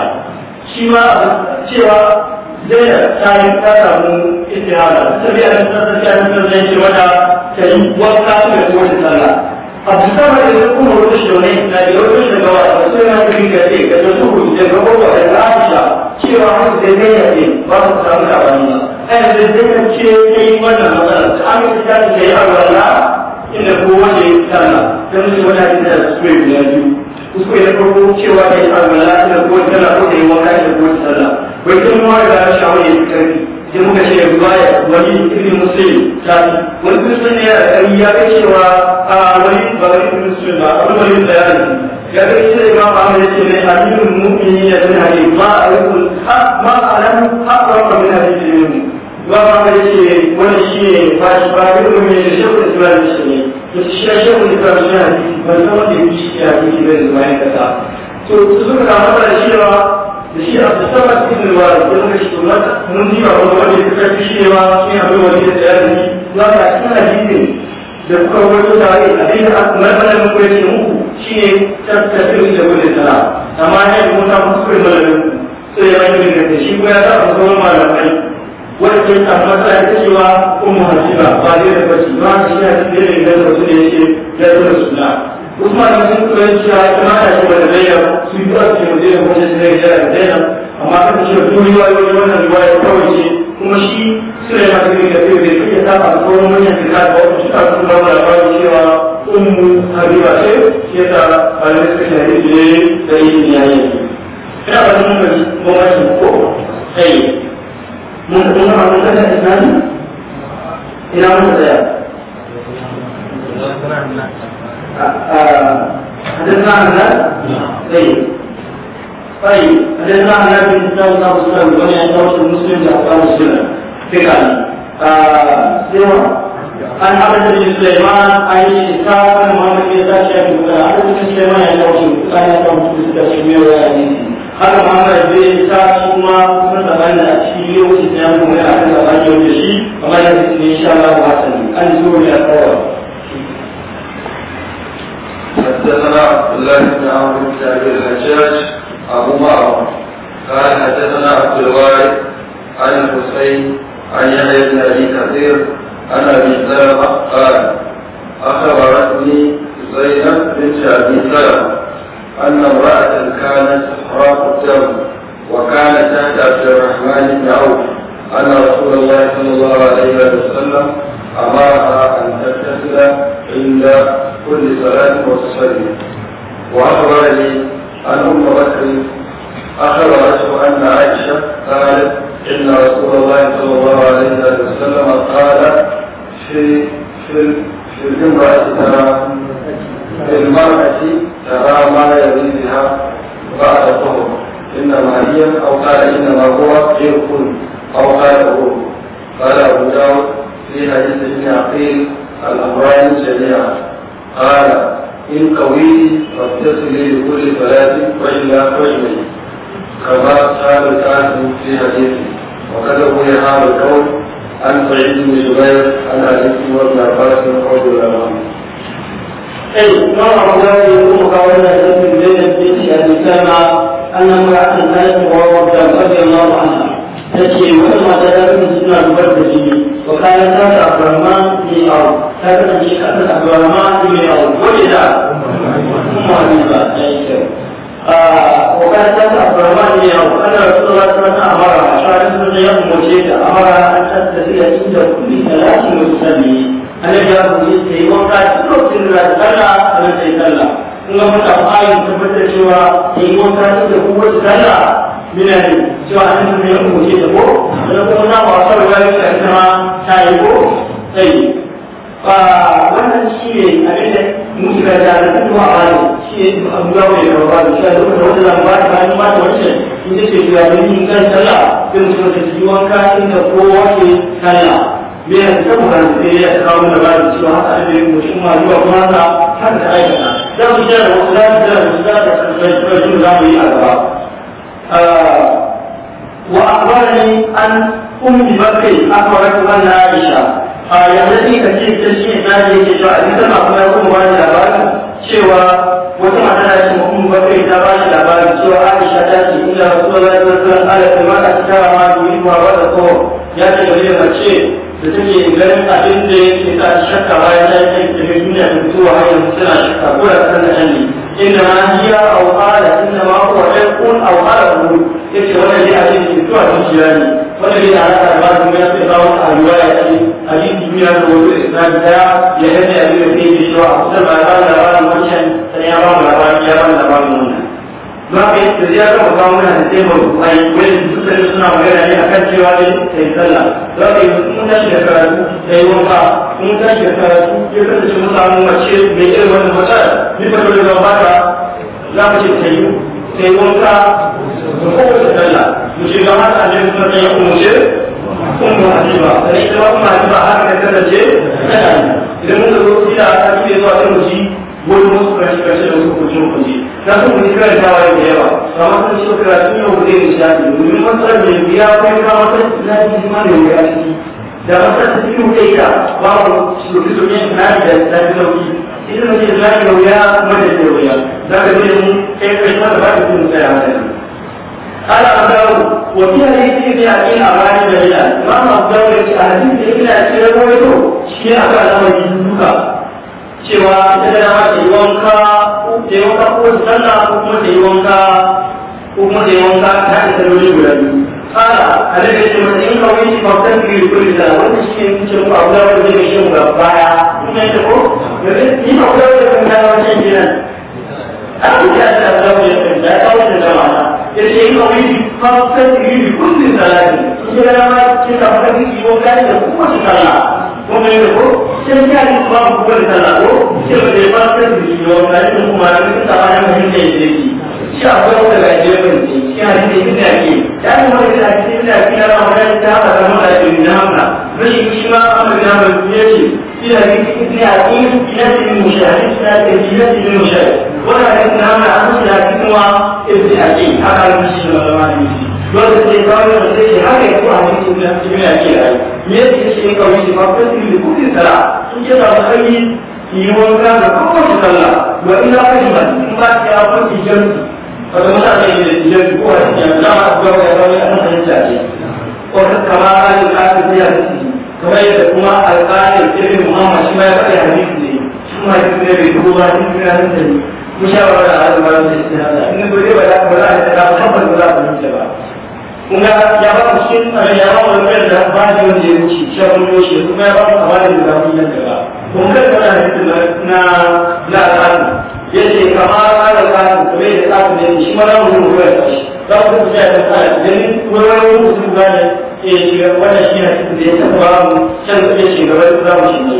shi ma cewa zai ta yi ta samu istihara sabi a nasarar ta yi nasarar zai ce wata ta yi wanka su da kowace sallah abu sama da ya kuma wata shaunai na da wata shagawa da su yana da ga ce ga su hujjar ga kowa da lafiya cewa haka zai zai ya ce ba su samu da wani ba ɗaya zai zai ka ce ta yi wannan matsala ta yi ta ce ta yi a wala inda kowa ne ya sallah don su wata da su ne biyu kuskure na farko cewa da yin alwala da ko tana ko da yin wanka da ko sallah wai kin ma da shawo ne karfi sai muka ce baya wani ibn muslim ta wani muslim ne ya ya ga cewa a wani ba wani muslim ba wani wani bayani ya ga cewa imam Ahmad yake ne hadithul mu'mini ya bin hadith ma alaikum ma alamu haqqan min hadithil mu'min ba ma yake wani shi ne fashi ba ga ne shi ko islam ne shashen wani farashin hadisi ban san wanda ya ci hadisi bai da bayan kasa to su suka kama mana cewa da shi abu sama cikin ruwa da kuma shi to mun ji ba wanda wanda ya fi shi ma shi abu wani da tsaya da shi za ka cikin hadisin da kuka wato tare abin da aka marmara mun kuma ce muku shi ne tattafi da wani sana amma ya yi mun samu kuskure malamin sai ya yi da shi kuma ya sa a kuma malamai wacce tabbata ita cewa ummu hasiba ba dai da bashi ba shi ya da ne da su ne yake da rasulullah Usman bin Kuwait ya kuma ta ce da zai su yi ba su da mu da yi da amma kan ce duniya yau wannan riwaya kawai ce kuma shi sai ma sai da zai da ya saba ko mun yanzu ka ga wasu ta kuma da ba cewa ummu hasiba ce ke da alƙalin da ne da yin yayi ina ba yi. ga mun ko eh ممكن نقرا من بدأ إسناده إلى متى حدثنا عن هذا؟ طيب طيب حدثنا عن هذا من كتاب الله والسلام وجمع دورة المسلم لأصحاب السنة فقال سوى عن عبد بن سليمان عن إسحاق بن محمد بن سليمان عبد بن سليمان يعني رسول الله صلى الله عليه وسلم har Muhammad zai sa kuma kuma daban da cikin lokacin da mu ya aka da yau da shi amma da ne insha Allah wa sani an zo ya tsawa حدثنا عبد الله بن عمرو بن ابي الحجاج ابو معمر قال حدثنا عبد الوارث عن الحسين عن يحيى بن ابي كثير عن ابي سلمه قال اخبرتني زينب بنت ابي سلمه ان امراه كانت راس الدم وكان تحت عبد الرحمن بن عوف أن رسول الله صلى الله عليه وسلم أمرها أن تغتسل عند كل صلاة وتصلي وأخبر لي أن أم بكر أخبرته أن عائشة قالت إن رسول الله صلى الله عليه وسلم قال في في في الجمعة ترى في المرأة ترى ما يريدها بعد الظهر إنما هي أو قال إنما هو غير كل أو قال هو قال أبو داود في حديث ابن عقيل الأمران جميعا قال إن قوي فاتصلي لكل صلاة وإلا فاجمعي كما قال الكاتب في حديثه وقد روي هذا القول عن سعيد بن جبير عن أبي وابن عباس رضي الله عنه. أي ما أعلم أن يكون قولنا في da musama annan ra'an nan wa rabban radiyallahu anha tace wannan mata da kan suna dubar da shi wa kana ta abrama ni aw ta kan shi ka ta abrama ni aw wani da kuma ni ba dai ke ah wa kana ta abrama ni aw ana rasulullah sallallahu alaihi amara sharin sun ya da amara an tattabiya inda kulli salati musalli annabi in an faɗa ba ayin tabbatar cewa ya yi wata su da kuma su sallah mina ne cewa an sun yi umarci da ko sannan kuma na wasan ruwa ya ta ita ta yi ko sai ba wannan shi ne abin da muke da da duk kuma a bani shi ne abubuwa mai da ba da cewa duk da wanda zan ba ta ba da wancan in ce ya yi kan sallah sai mutum da ji wanka inda kowa ke sallah biyan saboda sai ya kawo da ba da cewa haka da yin mutum ma zuwa kuma haka har da aikata za mu jira da wasu za mu jira da wasu za ka karɓar shi za mu yi a gaba ah, wa akbarani an ummi bakai akbarat na aisha a ah, yanzu ni ka ce ta shi da je ke cewa a cikin masu ya kuma wani labarin cewa wata mata ta ce ummi bakai ta ba shi labarin cewa aisha ta ce illa wasu sallallahu alaihi wasallam ala kuma ta tara ma duniya ba da ko ya ce da mace da take ganin abin da yake ta shakka bayan ta yi tafi duniya da mutuwa har yanzu tana shakka ko da kan nan ne inda ma hiya aw qala inna ma huwa shay'un aw qala hu yace wannan dai abin a cikin ta shi ne wannan dai ana da ba su ya ce ba wata ayyuka ya ce abin duniya da wato islam ta ya hada abin da yake shi wa da ba ta da ba wannan sai ya ba mu labarin ya ba mu labarin wannan don haka da ya zama kawo muna da tsaye mai kwai wani dukkan suna magana ne akan cewa ne ta yi sallah don haka mun tashi da karatu ta yi wanka mun tashi da karatu ya kasance mun samu mace irin wannan matsala ni ba dole ba bata za ka ce ta yi ta yi wanka da kowace sallah mu ce ga haka ne ta yi kuma ce kuma hadiba da ita ba kuma hadiba haka ta kasance tana idan mun da zo ila ta ke zuwa ta muji wani wasu kashi kashi da wasu kucin kucin za su mu karanta wa da yawa amma sun ce karatu yau zai yi shafi domin matsalar da biya kai ka matsalar da zai yi ma da wuya a ciki da matsalar da cikin kai ka babu sofi yi na da zafi sauki idan mutum ya yi wuya kuma da ke wuya za ka zai mu kai kai ma da ba da kuma tsaya mana قال أبو داود وفي حديث ابن أبي أمان جميعا ما أبو داود في حديث ابن أبي aka جميعا شكي duka cewa يجوك شوى تدرى ما wanka. ta yi wanka ko sallah ko kuma ta yi wanka ko kuma ta yi wanka ta yi salloli guda biyu kala alaka ce mata in kawai shi babban yi ko da wanda shi ke ce ko abu da wanda zai shi ga baya kuma yadda ko yanzu ni ba kula da kan kawo shi kenan a da ta abu da wanda ya kawo da jama'a ya ce in kawai shi babban biyu ko da salati shi ga ma ce ta fara yi wanka da kuma shi sallah kuma ne ko sai ya yi kuma ku bari sallah ko sai ba dai ba sai ku yi wa kai mun kuma da ta ba ya mun ne ne shi akwai wata da ke mun ne shi ya ne ne ne ya kuma da shi ne ne ya ma da ta ba ne mun da shi na ma bai shi ma amma da mun ne shi إلى ابن عقيل إلى المشاهد إلى المشاهد ولا يتنامى عنه لكن هو ابن عقيل هذا المسلم والله dole sai ba mu sai shi haka ko a cikin da cikin ya ke rayu me yake shi ka wuce ba ko cikin kudin sala sun ce da sai yi wanka da kowace sallah wa ina ko in ba ta ya farki jannu wata mutane da jannu ko a cikin da ma ga wa an san ta ce ko kama halin da aka biya shi kamar kuma alƙalin ibn muhammad shi ma ya faɗi hadisi ne shi ma ya fi ne ba shi ne nan da ni mushawarar da alƙalin da shi ba dai ba za ka ba za ka ba kuma ya ba mu shi ya ba mu kan da ba shi wanda ya wuce shi wani yoshi kuma ya ba mu kawai da za mu yi nan gaba kun kan kana hadisin na na al'adu ya ce kama ala kasu kuma ya kasu ne shi ma mu mu kawai da shi za mu kuma ya kasa da ganin wani mutum ba ne ke eh, shiga wannan shi hadisin da ya taɓa mu can suke shugaba su za mu shi ne.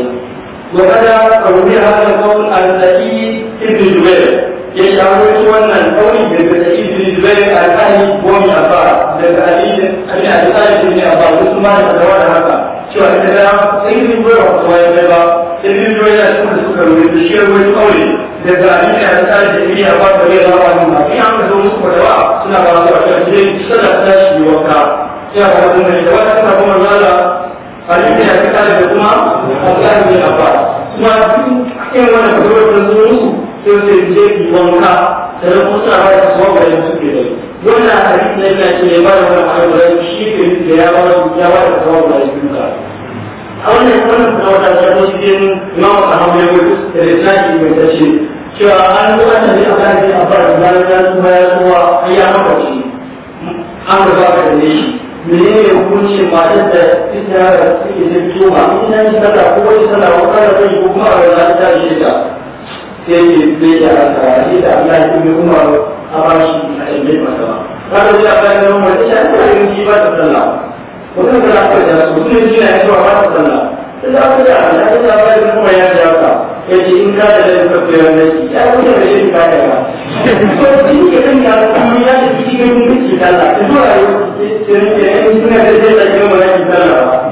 وقد روي هذا القول عن سعيد جبير يشعر قولي jibirin alƙali ko mai abba daga alilin ami a duk alifin mai abba da su da haka cewa ita da sai yi zuwa a kusa wayan bai ba sai yi zuwa yana cikin da suka rubu da shi yawon kawai daga alilin a duk alifin mai abba da bai zama da haka in an zo musu kwada ba suna a cikin jiri ta shi kuma kuma zala alilin a duk alifin kuma a duk wanka sai kuma suna ba da kuma gari suke da wannan hadisi na yana ce ba da wani abu da shi ke da ya ba da ya ba da kuma gari duka a wannan wannan kuma wata ta zo cikin imam ahmad ya wuce da lissafi mai tace cewa an yi wannan ne a kan a fara da ya kuma ya kuma ya mabaci an riga ka da shi menene hukuncin matar da ita da suke da tuma in ta yi sallah ko wani sallah ko kada kai ko kuma a rana ta shi da yake bai da asara shi da Allah ya kuma Umar a ba shi a ilmi masa ba kada ji Allah ya Umar ita ta yi ji ba ta sallah wannan da aka da su sun ji na cewa ba ta sallah da za ku Allah ya ba yi kuma ya ja ka yace in ka da da ka fara ne ya ku da shi ka da ba ko shi ke kan ya kuma ya ji cikin miki ko to ai sai ne in kuna da da kuma ya ji sallah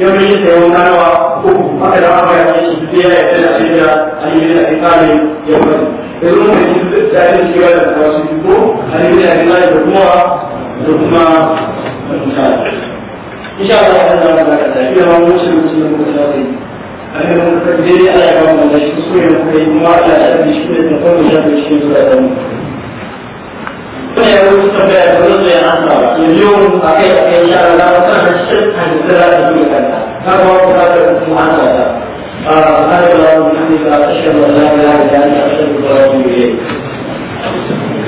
يوم يسيرون أنا فقد رأى في آية الأخيرة أن يريد أن يوم يقولون أن يجب أن يسير ويسيبه أن يريد أن يكون ربما إن شاء الله تعالى بارك الله فيما مسلم مسلم مسلم أنه قد جري على قوم الله يسوع يقول ما لا أدري شيئا فقد جاء بشيء ne ya wuce tambaya da